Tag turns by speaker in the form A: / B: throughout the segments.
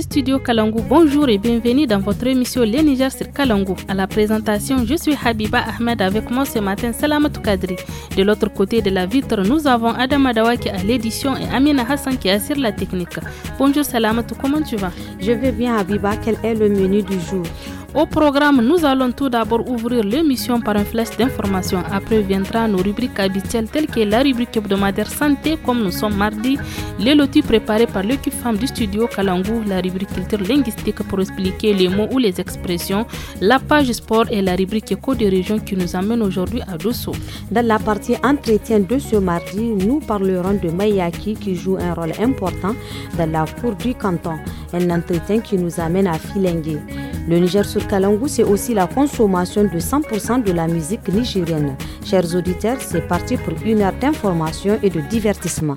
A: studio bonjour et bienvenue dans votre émission Les Niger sur Kalangou. À la présentation, je suis Habiba Ahmed avec moi ce matin Salamatou Kadri. De l'autre côté de la vitre, nous avons Adam Adawa qui à l'édition et Amina Hassan qui assure la technique. Bonjour Salamatou, comment tu vas Je vais bien Habiba, quel est le menu du jour au programme, nous allons tout d'abord ouvrir l'émission par un flash d'information. Après viendra nos rubriques habituelles telles que la rubrique hebdomadaire santé, comme nous sommes mardi, les lotis préparés par l'équipe femme du studio Kalangou, la rubrique culture linguistique pour expliquer les mots ou les expressions, la page sport et la rubrique
B: éco de région qui nous amène aujourd'hui à Dosso. Dans la partie entretien de ce mardi, nous parlerons de Mayaki qui joue un rôle important dans la cour du canton. Un entretien qui nous amène à Filengue. Le Niger sur Kalangu, c'est aussi la consommation de 100% de la musique nigérienne. Chers auditeurs, c'est parti pour une heure d'information et de divertissement.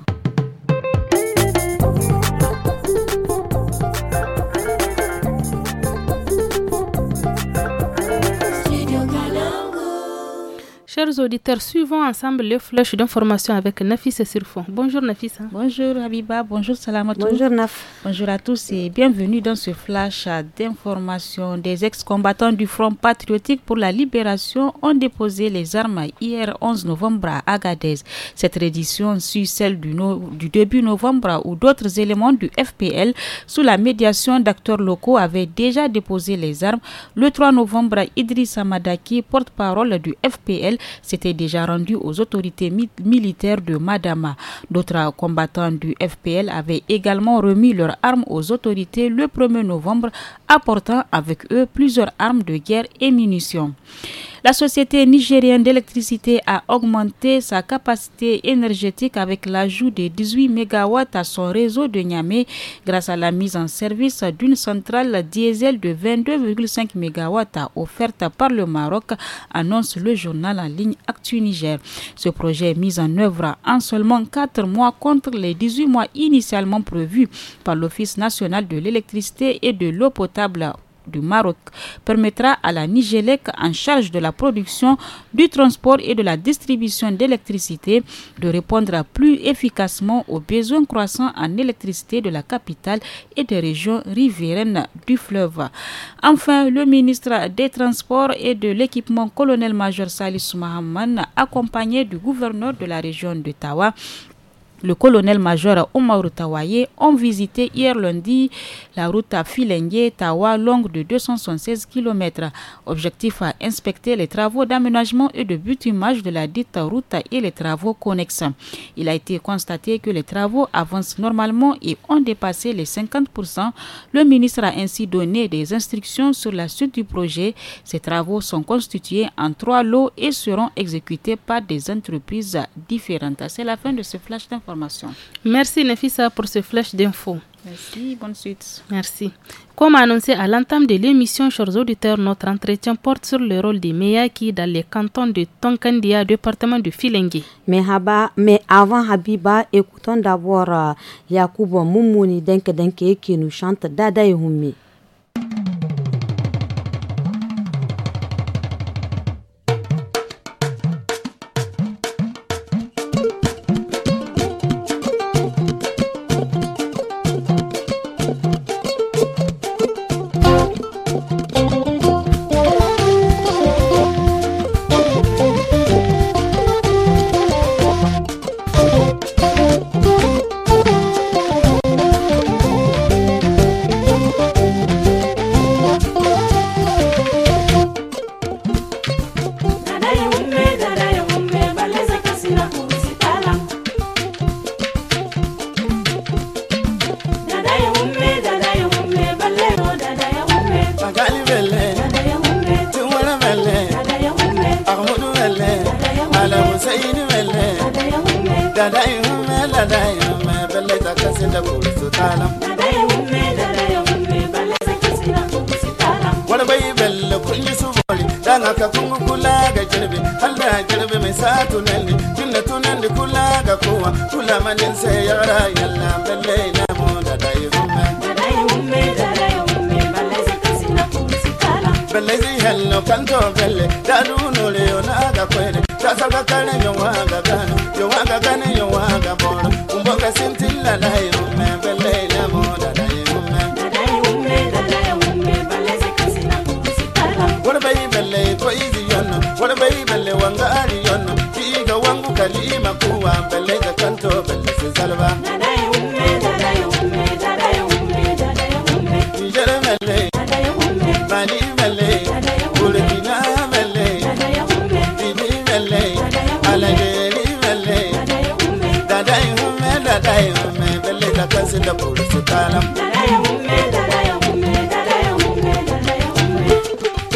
A: auditeurs, suivons ensemble le flash d'information avec Nafis
C: et Sirfon. Bonjour Nafis. Bonjour Habiba, bonjour Salamatou. Bonjour Naf. Bonjour à tous et bienvenue dans ce flash d'information. Des ex-combattants du Front patriotique pour la libération ont déposé les armes hier 11 novembre à Agadez. Cette reddition suit celle du, du début novembre où d'autres éléments du FPL, sous la médiation d'acteurs locaux, avaient déjà déposé les armes. Le 3 novembre, Idriss Amadaki, porte-parole du FPL, s'était déjà rendu aux autorités militaires de Madama. D'autres combattants du FPL avaient également remis leurs armes aux autorités le 1er novembre, apportant avec eux plusieurs armes de guerre et munitions. La société nigérienne d'électricité a augmenté sa capacité énergétique avec l'ajout de 18 MW à son réseau de Niamey grâce à la mise en service d'une centrale diesel de 22,5 MW offerte par le Maroc, annonce le journal en ligne Actu Niger. Ce projet est mis en œuvre en seulement 4 mois contre les 18 mois initialement prévus par l'Office national de l'électricité et de l'eau potable du Maroc permettra à la Nigélec en charge de la production, du transport et de la distribution d'électricité de répondre plus efficacement aux besoins croissants en électricité de la capitale et des régions riveraines du fleuve. Enfin, le ministre des Transports et de l'équipement colonel-major Salis Mahaman, accompagné du gouverneur de la région de Tawa, le colonel-major Omar Tawaye ont visité hier lundi la route à filengye tawa longue de 276 km. Objectif à inspecter les travaux d'aménagement et de butumage de la dite route et les travaux connexes. Il a été constaté que les travaux avancent normalement et ont dépassé les 50%. Le ministre a ainsi donné des instructions sur la suite du projet. Ces travaux sont constitués en trois lots et seront exécutés par des entreprises différentes. C'est la fin de ce flash d'information.
A: Merci Nefissa pour ce flèche d'infos.
C: Merci, bonne suite.
A: Merci. Comme annoncé à l'entame de l'émission, chers auditeurs, notre entretien porte sur le rôle des Meyaki dans les cantons de Tonkandia, département de Filengi.
B: Mais, avant Habiba, écoutons d'abord euh, Yacoub Moumouni Denke Denke qui nous chante Dada
D: kungu kula ga jirbi halda jirbi mai sa tunanli jinna tunanli kula ga kowa kula manin sai ya rayu la balle na mu da dai umma da dai umma da dai umma balle sai ka sinna ku si kala balle sai hello kanto balle da runo le ona ga kwere sa sa ga kane yo wa ga kana yo wa ga kane yo wa ga bona umma ka sintilla la yo me balle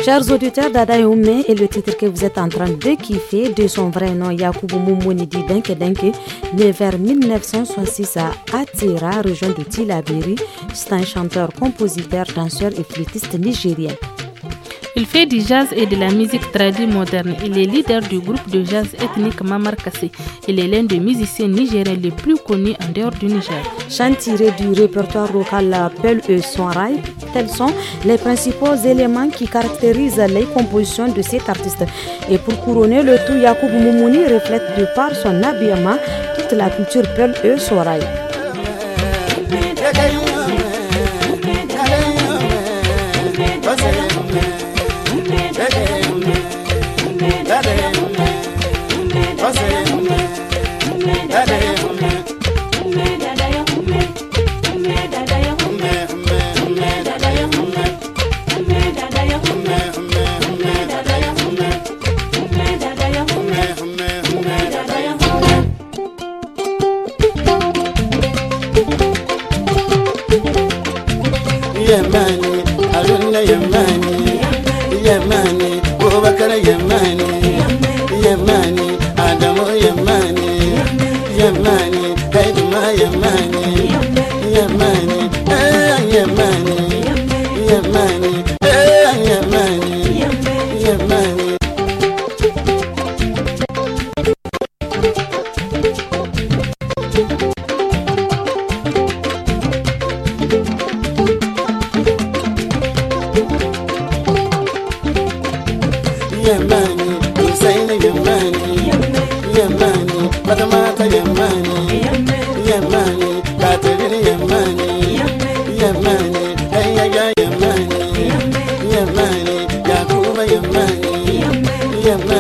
B: Chers auditeurs, Dada est le titre que vous êtes en train de kiffer de son vrai nom Yakubu Moumounidi Denke Denke, né vers 1966 à Atira, région de Tilabéri. C'est un chanteur, compositeur, danseur et flûtiste nigérien.
A: Il fait du jazz et de la musique traditionnelle moderne. Il est leader du groupe de jazz ethnique Mamar Il est l'un des musiciens
B: nigériens les plus connus en dehors du Niger. Chant du répertoire local Peul et Sonrai, tels sont les principaux éléments qui caractérisent les compositions de cet artiste. Et pour couronner le tout, Yacoub Moumouni reflète de par son habillement toute la culture Peul et Sonrai.
D: Yeah,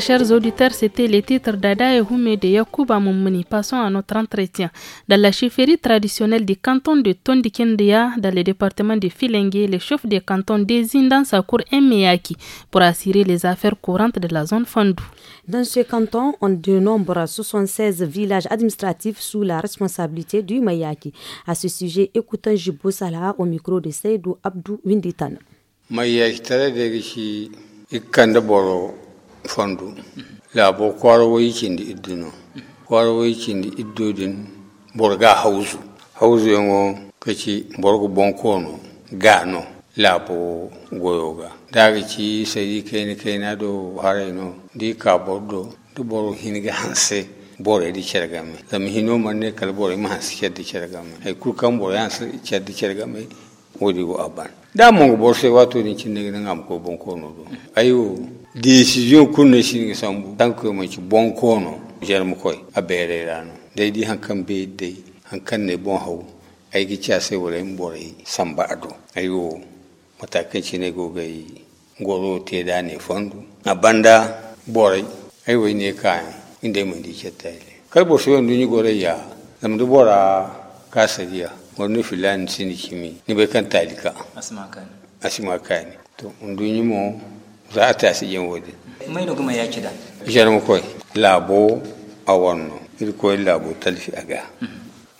A: chers auditeurs, c'était les titres d'Ada et Houmé de Yacouba Moumouni. Passons à notre entretien. Dans la chefferie traditionnelle du canton de Tondikendia, dans le département de Filengue, le chef de canton
B: désigne dans sa
A: cour un meyaki pour assurer les affaires courantes de la zone Fandou. Dans
B: ce canton, on dénombre 76 villages administratifs sous la responsabilité du meyaki. À ce sujet, écoutons Jibo Salah au micro de Seydou Abdou Winditan.
E: Mayaki, fondu labo kwarawai kindi iddino kwarawai kindi iddodin borga hausu hausu yango kaci borgo bonkono gano labo goyoga daga ci sai kaini kaina do haraino di ka bordo di boro hiniga hanse bore di cergame zam hino manne kal bore ma hanse cerdi cergame ay kulkan bore hanse cerdi cergame wodi go aban da mo bor sai wato ni cinne ngam ko bonkono do ayo décision kunne shi sambu tanko mo ci bon kono jermu koy abere rano dai di hankan be dai hankan ne bon hawo ai gi cha sai wala in bore samba ado ayo matakan ci ne gogai goro te da ne fondu a banda bore ai wai ne ka inda mun di chatale kai bo so ndu ni gore ya nam du bora kasariya wani filan sini kimi ni bai kan talika asma kan asma kan to ndu ni mo za a tasi yin wadi.
F: mai kuma ya ci da
E: jar mu labo a wannan ir koy labo talfi ga.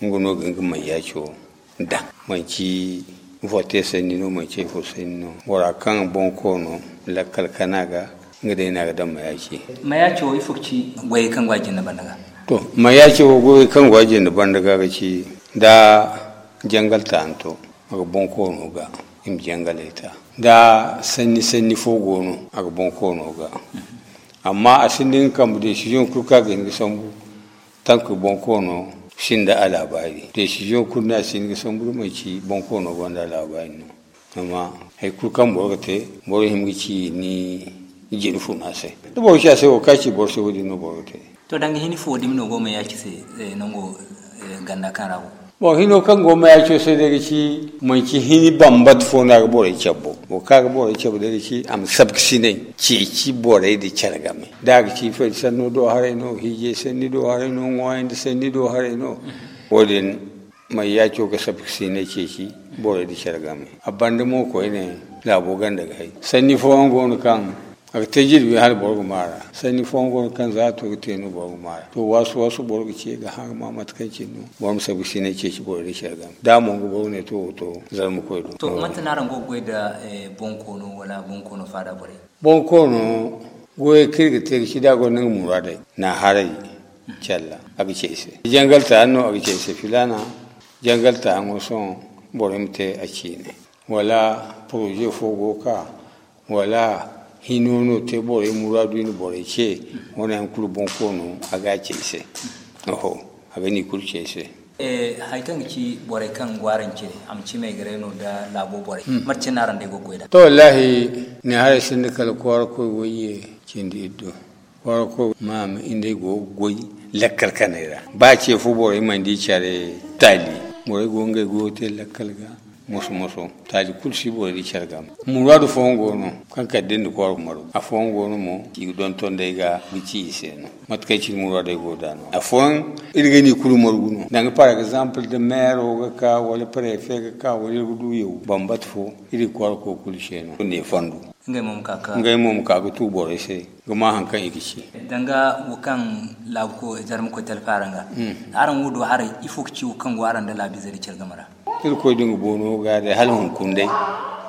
E: ngun mm-hmm. no gangu mai ci o da mai ci vote sani no mai ci fo sani no wara kan bon ko no la kalkana ga ngade na ga dan mai ci. mai yaki o
F: ci wai kan gwajin na bandaga.
E: to mai ci o goyi kan gwajin na bandaga ga ci da jangal ta anto Maka bon ko no ga im jangaleta da sanni sanni fo a aga bon kono ga amma a sindin kam yin kuka ga hinga sambu tanku bon kono shi a labari shi kurna san sambu mai ci bon kono gonda alabari no amma hay kurkan ga te bor himga ci ni jin fu na sai da bo shi se o ci bor se wodi no borga te
F: to dan hini fu wodi no mai ya ci eh, no go eh, ganda kan rawo
E: bo hino kan mai ya ci sai daga ci mun ci hini bambat fo na ga re ya Wa kaga bore ce bude da shi am sine ce ci bore da chargame daga ki fe sanno do hare no hije sanni do hare no ngoyinde sanni do hare no wodin mai ya ci ka sabkisi ne ce ci bore di chargame abande mo ko ne labo ganda gai sanni fo an gonu kan ta bi har borgo mara sani fongo kan za to tenu borgo mara to wasu wasu borgo ce ga har ma matkan ce no ba mu sabu ne ce shi borgo shi ga da mu go borgo ne to to zan mu koyi to kuma
F: tana ran gogoy da eh, bonko no wala bonko no fada bore
E: bonko no goye kirga te shi da go mura murada na harai challa abi ce ise jangal ta a abi ce ise filana jangal ta hannu son borgo mte a ne wala proje fogo ka wala hinono te bore muradu ni bore che ona nkulu bonkono aga che se oho ni kul che se
F: e haitan ki bore kan gwaran ce am ci gare n'o da labo bore hmm. marci naran da go goida to wallahi
E: ne har sin da kal kwar ko waye chindi da iddo kwar ko mam inde go goyi lekkal kanera ba ce fu bore man di chare tali bore nge go te lekkal ga moso moso taji kulsi bo di chargam mu do fongo no kan kadden do kor maru a fongo no mo ki don ton de ga bici seno mat kay ci mu de go dan a fon gani kulu maro guno danga par exemple de maire o ga ka wala prefect ga ka wala du yo bambat fo iri kor ko kulsi no ne fondu ngai mom kaka ngai mom kaka tu boro ise gama hankan igishi
F: danga wukan ko jarmu ko telfaranga hmm. aran wudu har ci wukan waran da labi zari cergamara
E: irko dingu bono gada hal hun kundai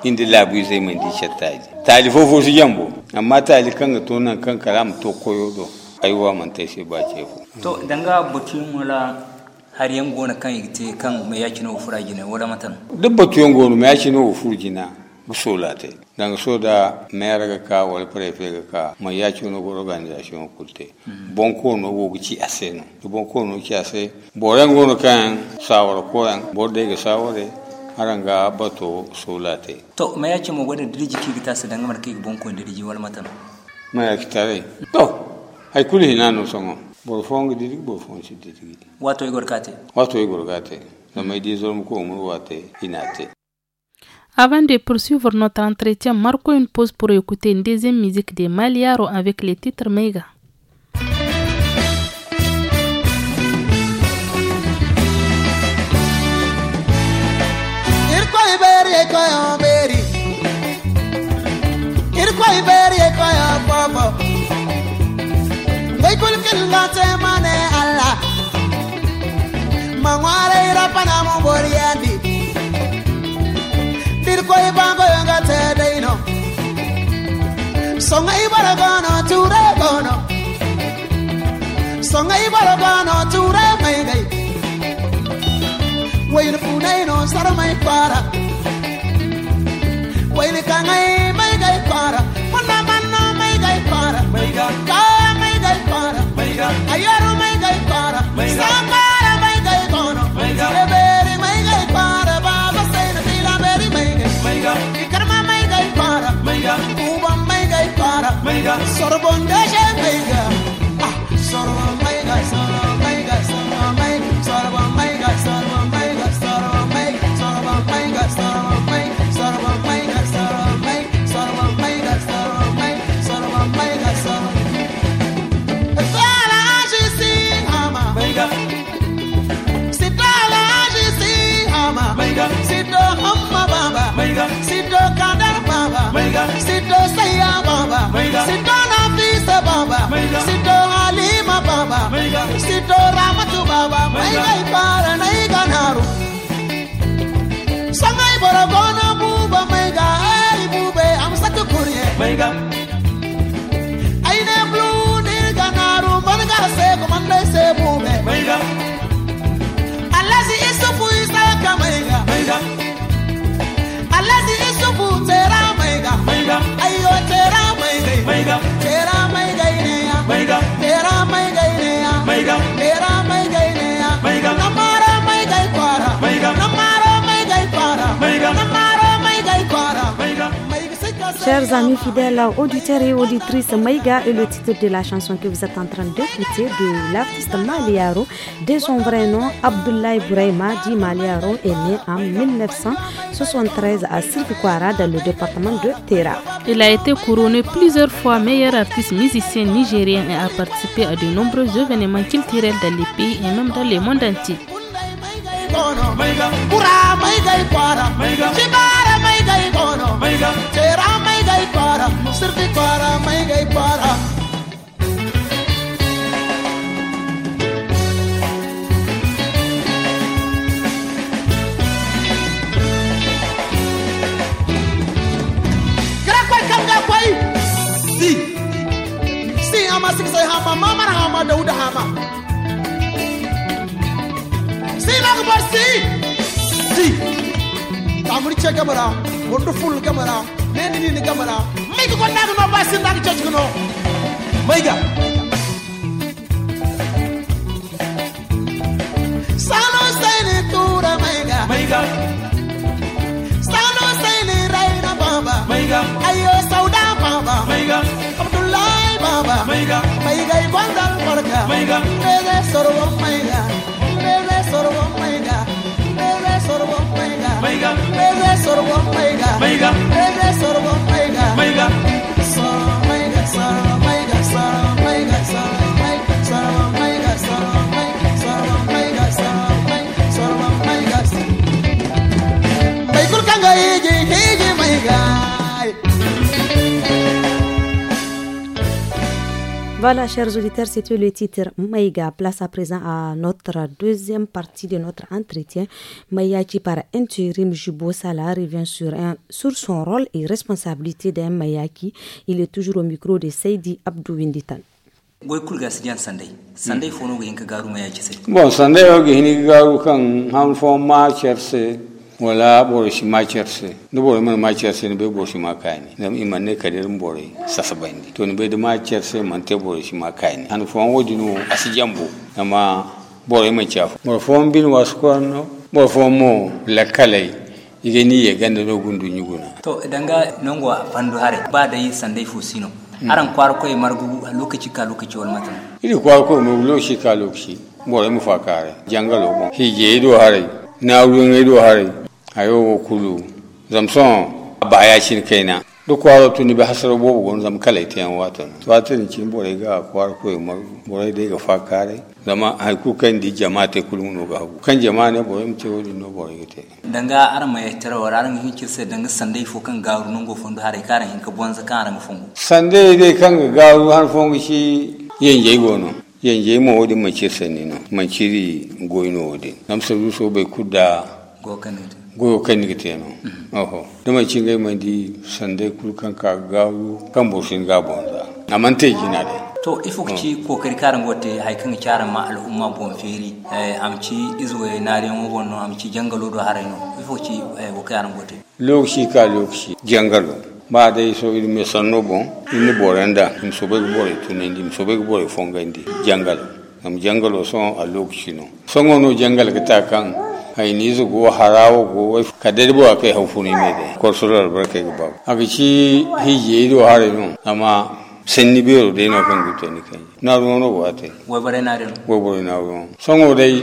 E: inda labu zai mai di shattaji fofo su jambo amma kan ga tonan kan karam to koyo do aiwa man tai sai ba ce
F: to danga butun mula har yan gona kan yite kan mai yaki na ofura gina wala matan
E: duk batuyan gona mai yaki na ofura gina busulate danga soda ga ka wal ga ka ma yacuno go organisation kulte mm-hmm. bonkono wogo ci no to bonkono ci ase borengono kan sawara koyan bordega saware haranga bato sulate
F: to mayaci mo gwada diriji kigi tasa danga marka igi bonkon diriji wal matan
E: mayaki tare to hay kuli hinano songo borfongo dirigi borfongo si dirigi wato igor kate wato igor kate zama idi zormu ko umru wate inate
A: Avant de poursuivre notre entretien, marquons une pause pour écouter une deuxième musique de Maliaro avec le titre Mega.
G: Songa ibara gano ture gono Songa ibara gano ture maigai Wayin funai no saramai para Sorbonne, sorbonne. sito ramatu baba mai gai para nai sangai borogona buba mai ga ai bube am tu kurye mai ga blue ne ganaru man ga se se bube mai ga alazi isufu isa ka mai ga mai ga alazi isufu tera mai ga ayo tera mai ga
B: Chers amis fidèles, auditeurs et auditrices, Maïga est le titre de la chanson que vous êtes en train d'écouter de l'artiste Maliaro. De son vrai nom, Abdoulaye Bouraima dit Maliaro est né en 1973 à Silvikwara dans le département de Tera.
A: Il a été couronné plusieurs fois meilleur artiste musicien nigérien et a participé à de nombreux événements culturels dans les pays et même dans le monde entier.
G: kono maiga pura maiga para maiga chibara maiga kono maiga chera maiga para sirti para maiga para Si, si ama sikisai hama, mama na hama, sama. hama. Sila mercy. See. Tamuricha kamera, wonderful kamera, neni ni kamera. Make ko nagu no basi nagu church kuno. Maiga. Sano sai ni tura maiga. Maiga. Sano sai ni raina baba. Maiga. Ayo sauda baba. Maiga. Abdullahi baba. Maiga. Maiga ibandal barka. Maiga. Mere sorwa maiga. Maiga.
B: Voilà, chers auditeurs, c'était le titre Maïga. Place à présent à notre deuxième partie de notre entretien. Maïaki par intérim Jubo revient sur, son rôle et responsabilité d'un Mayaki. Il est toujours au micro de Seidi Abdou Winditan.
F: goy kulga sijan sandai samedi. Hmm. fono ga hinka garu maya
E: bon sandai o ga wala boro shi ma cerse no boro man ma cerse ni be boro shi ma kani nam iman ne kadir boro sasabandi to ni be da ma cerse man te boro shi ma kani an fo an wodi no jambo nama boro man chafu boro fo bin no boro fo mo lakalai ige ni ye ganda no gundu nyuguna to danga
F: nongwa fandu hare ba da yi sandai fusino mm. aran kwar koy margu lokaci ka lokaci wal matan
E: ili kwar koy mo lokaci ka lokaci bore mu fakare jangalo mo hije do hare na wuri ngai do hare ayo kulu zamson baya shin kaina duk kwaro tuni be hasar bobu gon zam kala ita yan wato to ni kin bore ga kwaro ko mar bore de ga fakare zama ai ku kan di jama'a kulun no ga kan jama'a ne boye mce wodi no bore gite
F: danga arma ya tara wara arma hin kirse danga sandai fo kan garu nungo fondo hare karan hin ka bonza kan arma fongo
E: sandai dai kan garu har fongo shi yen jey gono yanzu yi mawadi mace sani man maciri goyno na wadi namsa ruso bai kuda
F: gokanin
E: goyo kan ni te no oho da mai cin gai mai di sande kulkan kan ka gawo kan boshin gabon da amman te jina da to ifo ci
F: hmm. kokari karan wote hay kan charan ma al'umma bon feri eh, amci izo e nare mo bonno amci jangalo do harayno ifo ci eh, wo karan wote
E: lokaci ka lokaci jangalo ba dai so il mai sanno bon il ni da in so beg bore tunendi in so beg bore indi jangalo am jangalo son a lokaci no songono jangal ka ta kan ayinizu go harawo go kadere bo ake haufuni mede korsoral barke go bab agichi hije do hare no ama senni bero de na kan gute ni kan na ro no wate wo bare na re wo bare na ro songo dai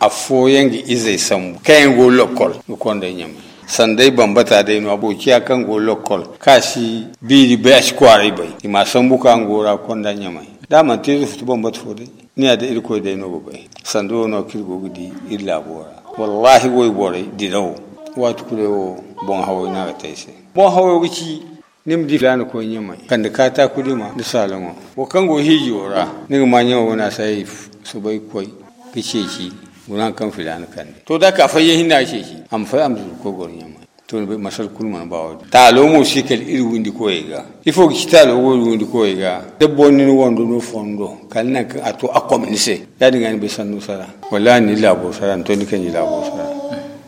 E: afo yangi ize sam kayen go lokol ko ndai nyama sandai bambata dai no aboki akan go lokol kashi biri bash kwari e bai ima san buka ngora konda nyamai dama tezu futu bambata fode ni ada irko dai no bai sando no kirgo gudi illa bora wallahi woy boray didawo watu o bon hawo na taise bon hawo wici nim di lana ko nyima kanda kata kudima da salamo wo kango hiji ora ni ma nyawo na sai subai koi kice ci gunan kan filan kande to da ka fayin hinna ce ci am fa am ko gor nyima to be masal kulman bawo ta lo mo sikal iri windi ko ega ifo ki ta lo wo windi ko ega debbo ni wondo no fondo kal na ka ato akominise yadi ngani be sannu sara wala ni labo sara to ni kan labo sara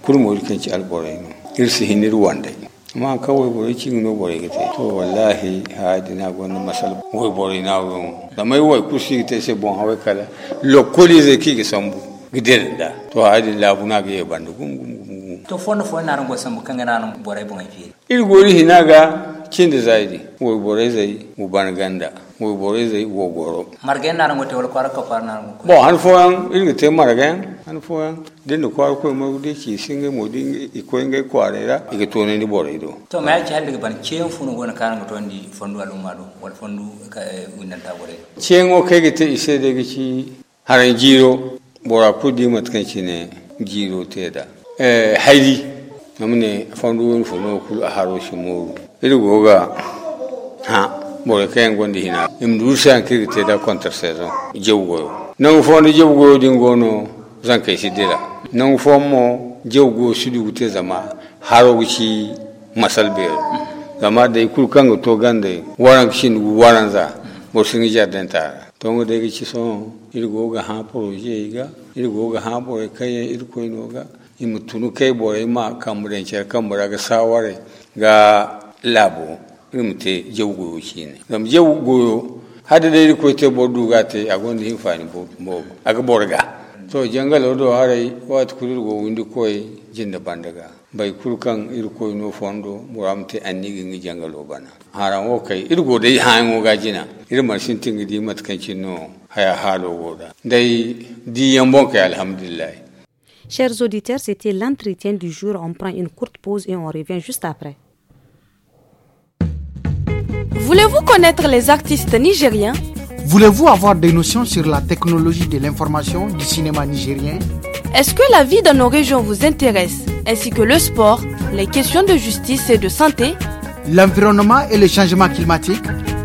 E: kulmo kan ci albore no irsi hinir wanda ma kawai bore ci no bore gite to wallahi hadi na gon masal wo bore na wo da mai wai kusi gite se bon hawe kala lokoli ze ki ge sambu gidel da to hadi labu na ge bandu gum gum gum
F: to fonno fo na rango sambu kangana no borai bon fi
E: il gori hinaga cinde zaidi wo borai zai mu ganda wo borai zai wo goro
F: margen na rango tewol kwara ko par na rango
E: bo han fo an il te margen han fo an den ko ko mo de ci singe mo di i ko nge kware ra i to ne ni borai do
F: to ma ci halde ban cien fu no gona kan to ndi fondu alumma do wal fondu ka unanta eh, borai
E: cien o kege te ise de ci haran jiro bora kudi matkan ne jiro te da Eh, haidi namne fondu won fono kul aharo shimoru ido goga ha bore kayen gondi hina im dursan kiri te da counter saison jewgo shi fondu jewgo dingono zankai sidira nan fomo jewgo sudu gute zama haro masal masalbe zama da kan kanga to gande waran shin waran za bo singi jarden tara da de ci so iri goga ha proje ga iri goga ha bore iri irko inoga imu tunu kai boye ma a kan kamura ga saware ga labo irin te jau goyo ne. zam jau goyo hada dai ko te bodu ga te agonda hin fani bo bo ga borga to jangal do harai wat kulur go windu koy jinda bandaga bai kurkan irko no fondo muramte annigi ngi o bana haran o kai irgo dai hango ga jina irma shin tingi di mat kan no haya halo goda dai di yambon kai alhamdulillah
B: Chers auditeurs, c'était l'entretien du jour. On prend une courte pause et on revient juste après. Voulez-vous connaître les artistes nigériens
G: Voulez-vous avoir des notions sur la technologie de l'information du cinéma nigérien
A: Est-ce que la vie dans nos régions vous intéresse, ainsi que le sport, les questions de justice et de santé
G: L'environnement et le changement climatique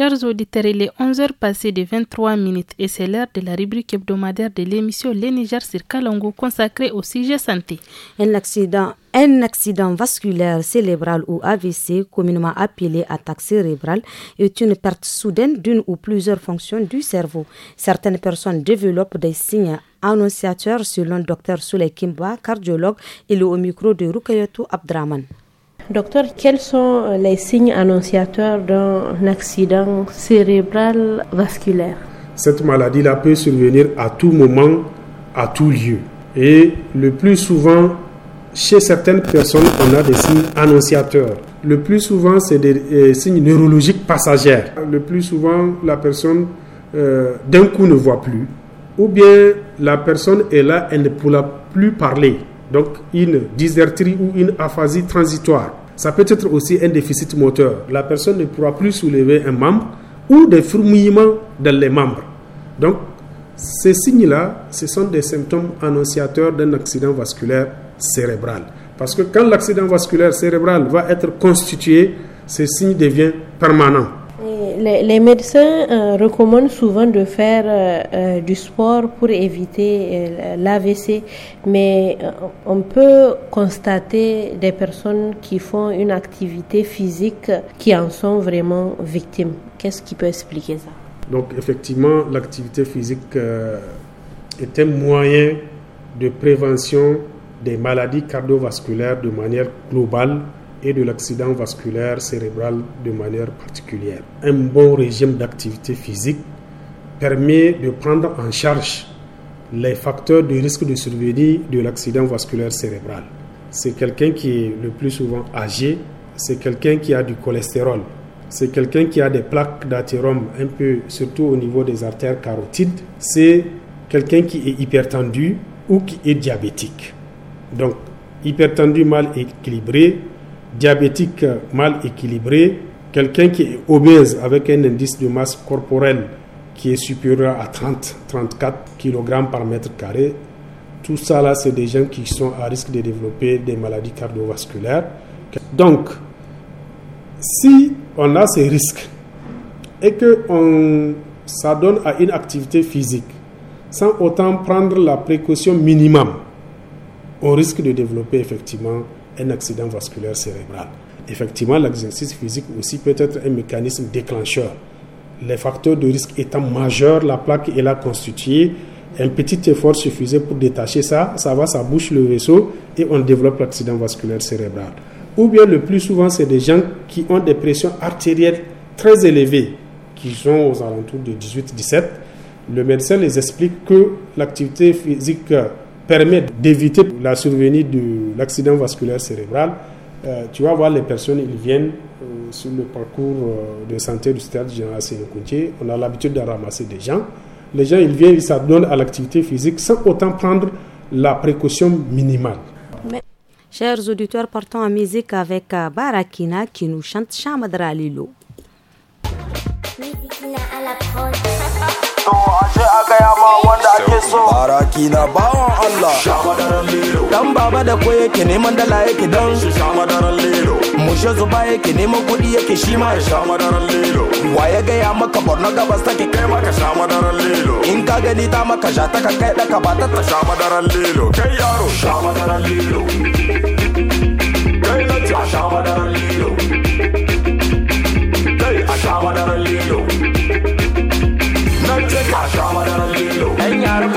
A: Chers auditeurs, il est 11h passé de 23 minutes et c'est l'heure de la rubrique hebdomadaire de l'émission Les Niger
B: sur Kalongo consacrée au sujet santé. Un accident, vasculaire cérébral ou AVC, communément appelé attaque cérébrale, est une perte soudaine d'une ou plusieurs fonctions du cerveau. Certaines personnes développent des signes annonciateurs selon le docteur Souley Kimba, cardiologue, et le au micro de Rukayatou Abdraman.
A: Docteur, quels sont euh, les signes annonciateurs d'un accident cérébral vasculaire
H: Cette maladie-là peut survenir à tout moment, à tout lieu. Et le plus souvent, chez certaines personnes, on a des signes annonciateurs. Le plus souvent, c'est des euh, signes neurologiques passagers. Le plus souvent, la personne euh, d'un coup ne voit plus. Ou bien la personne est là, elle ne pourra plus parler donc une dyserterie ou une aphasie transitoire. Ça peut être aussi un déficit moteur. La personne ne pourra plus soulever un membre ou des fourmillements dans les membres. Donc, ces signes-là, ce sont des symptômes annonciateurs d'un accident vasculaire cérébral. Parce que quand l'accident vasculaire cérébral va être constitué, ce signe devient permanent
A: les, médecins euh, recommandent souvent de faire euh, euh, du sport pour éviter l'AVC, mais on peut constater des personnes qui font une activité physique qui en sont vraiment victimes. Qu'est-ce qui peut expliquer
H: ça Donc effectivement, l'activité physique est un moyen de prévention des maladies cardiovasculaires de manière globale et de l'accident vasculaire cérébral de manière particulière. Un bon régime d'activité physique permet de prendre en charge les facteurs de risque de survie de l'accident vasculaire cérébral. C'est quelqu'un qui est le plus souvent âgé, c'est quelqu'un qui a du cholestérol, c'est quelqu'un qui a des plaques d'athérome un peu, surtout au niveau des artères carotides, c'est quelqu'un qui est hypertendu ou qui est diabétique. Donc, hypertendu mal équilibré, diabétique mal équilibré, quelqu'un qui est obèse avec un indice de masse corporelle qui est supérieur à 30, 34 kg par mètre carré, tout ça là, c'est des gens qui sont à risque de développer des maladies cardiovasculaires. Donc, si on a ces risques et que on s'adonne à une activité physique sans autant prendre la précaution minimum, on risque de développer effectivement accident vasculaire cérébral. Effectivement, l'exercice physique aussi peut être un mécanisme déclencheur. Les facteurs de risque étant majeurs, la plaque est là constituée. Un petit effort suffisait pour détacher ça, ça va, ça bouche le vaisseau et on développe l'accident vasculaire cérébral. Ou bien le plus souvent, c'est des gens qui ont des pressions artérielles très élevées, qui sont aux alentours de 18-17. Le médecin les explique que l'activité physique permet d'éviter la survenue de l'accident vasculaire cérébral. Euh, tu vas voir les personnes, ils viennent euh, sur le parcours euh, de santé du stade général Sénécoutier. On a l'habitude de ramasser des gens. Les gens, ils viennent, ils s'adonnent à l'activité physique sans autant prendre la précaution minimale.
B: chers auditeurs, partons en musique avec Barakina qui nous chante Chamadralilo.
I: a aje a gaya ma wanda ake so baraki na bawan Allah dan baba da ko yake neman dala yake dan mushe zuba yake neman kudi yake shi ma sha madaran lilo wa ya gaya maka borno gabas take kai maka sha madaran lilo in ka gani ta maka sha ta ka kai daka ba ta sha madaran lilo kai yaro sha madaran lilo kai lati sha madaran lilo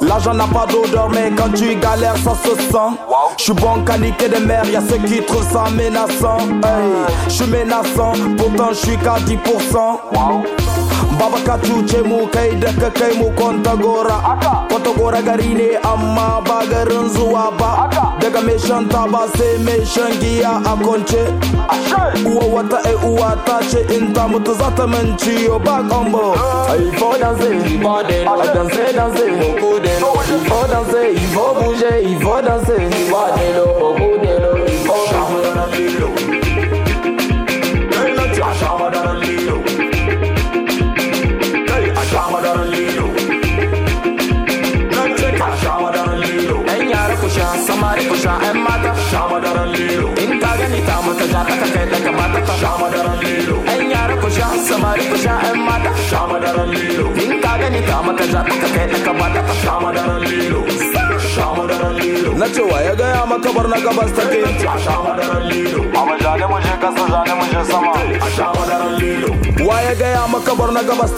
I: L'argent n'a pas d'odeur, mais quand tu galères, ça se sent. Je suis bon qualité de mer, y'a ceux qui trouvent ça menaçant. Hey, je suis menaçant, pourtant je suis qu'à 10%. baba ka cuce mu kai da ka kai mu kwantagora kwantagora gari ne amma ba garin zuwa ba daga mai shan sai mai shan giya a kwance uwa wata ai uwa ta ce in ta mutu za ta min ciyo ba kombo danse ifo danse danse moko danse Ivô buje Ivô danse ifo den lo shaa'een maata shaama daran liiru intaagan itaa mata jaataka ta'e dhaka baatata shaama daran liiru enyaara kushaa samaari kushaa'een maata shaama daran liiru intaagan itaa mata jaataka ta'e dhaka baatata shaama daran liiru. na cewa ya gaya maka bar na gabas ta mama wa ya gaya maka bar na gabas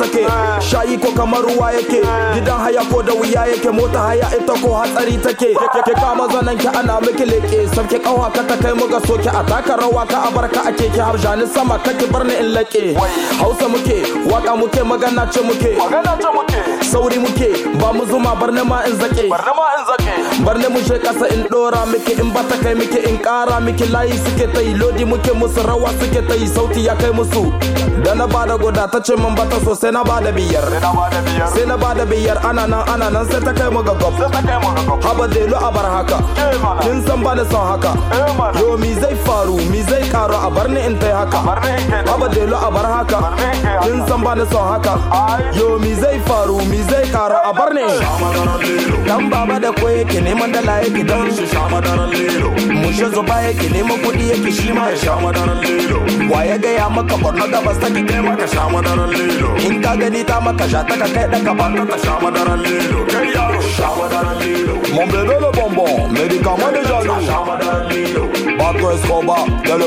I: shayi ko kamar ruwa yake gidan haya ko da wuya yake mota haya ita ko hatsari take ke kama zanen ki ana miki leke sarki kawa ka ta kai muka soki a taka rawa ka abarka ake ki har jani sama kake bar ni in lake hausa muke faɗa muke magana ce muke magana muke sauri muke ba mu zuma barna in ma in zake bar mu je kasa in dora miki in bata kai miki in kara miki layi suke ta yi lodi muke musu rawa suke ta yi sauti ya kai musu da na bada guda ta ce man bata so sai na bada biyar sai na bada biyar ana nan ana nan sai ta kai mu ga gob haba delu a bar haka eh, kin san bani son haka eh, yo mi zai faru mi zai karu a bar ni in tai haka haba delu a bar haka kin san bani son haka yo mi zai faru mi zai karu a bar ni eh, dan baba da koyake nema ndalaye ki dan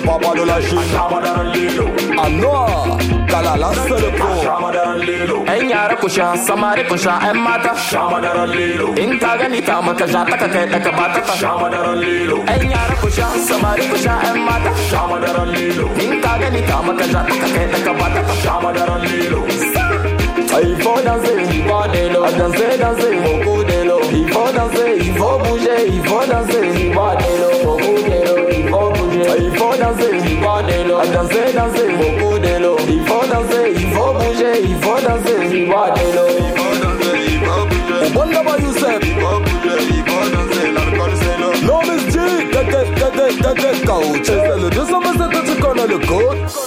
I: papa de la maracuxá, só maracujá é mata. Chama garalheiro. Incaganita, macajá, tacateca, cabata. Chama garalheiro. É em aracuxá, só maracujá é mata. Chama garalheiro. Incaganita, macajá, tacateca, cabata. Chama garalheiro. Il faut danser, il faut danser, danser, danser, beaucoup d'élo. Il faut danser, il faut bouger, il faut danser, il faut d'élo, beaucoup d'élo. Il faut bouger, il faut danser, Wadelo, à danser, danser, beaucoup de l'eau. Il faut danser, il faut bouger, il faut danser, Wadelo. Il faut danser, il faut bouger. Wonderful Youssef. Il faut bouger, il faut danser, l'alcool c'est l'eau. L'homme est dit, t'es, t'es, t'es, t'es, t'es, coach. C'est le 227, tu connais le code.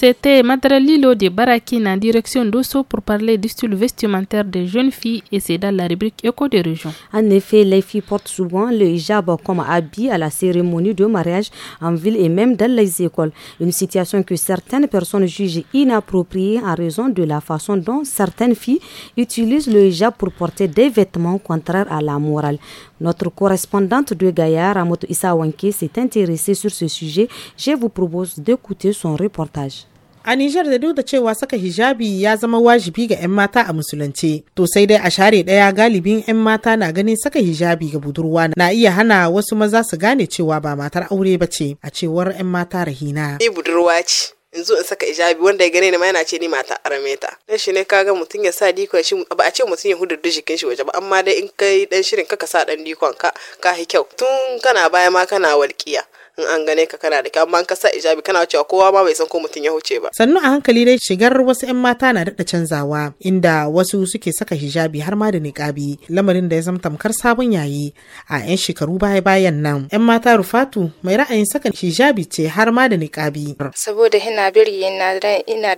A: C'était Madre Lilo de Barakine en direction d'Osso pour parler du style vestimentaire des jeunes filles et c'est dans la rubrique
B: Éco des régions. En effet, les filles portent souvent le hijab comme habit à la cérémonie de mariage en ville et même dans les écoles. Une situation que certaines personnes jugent inappropriée en raison de la façon dont certaines filles utilisent le hijab pour porter des vêtements contraires à la morale. Notre correspondante de Gaillard, Ramoto Issa Wanke, s'est intéressée sur ce sujet. Je vous propose d'écouter son reportage. A Niger da duk da
C: cewa saka hijabi ya zama wajibi ga 'yan mata a musulunci to sai dai a share ɗaya galibin 'yan mata na ganin saka hijabi ga budurwa na iya hana wasu maza su gane cewa ba matar aure ba ce a cewar 'yan mata rahina. Ni
A: budurwa ce, in zo in saka ijabi wanda ya gane ni yana ce ni mata arameta dan shi ne ka kaga mutum ya sa dikon shi ba a ce mutum ya hudurdu jikin shi waje ba amma dai in kai dan shirin kaka sa dan dikon ka ka hi kyau tun kana baya ma kana walƙiya in an gane ka kana da kyau, ka sa ijabi kana cewa kowa ma bai san ko mutum ya huce ba
C: sannu a hankali dai shigar wasu 'yan mata na daɗa canzawa inda wasu suke saka hijabi har ma da niƙabi lamarin da ya zama tamkar sabon yayi a 'yan shekaru baya bayan nan 'yan mata rufatu mai ra'ayin saka hijabi ce har ma da niƙabi
A: saboda hina biri ina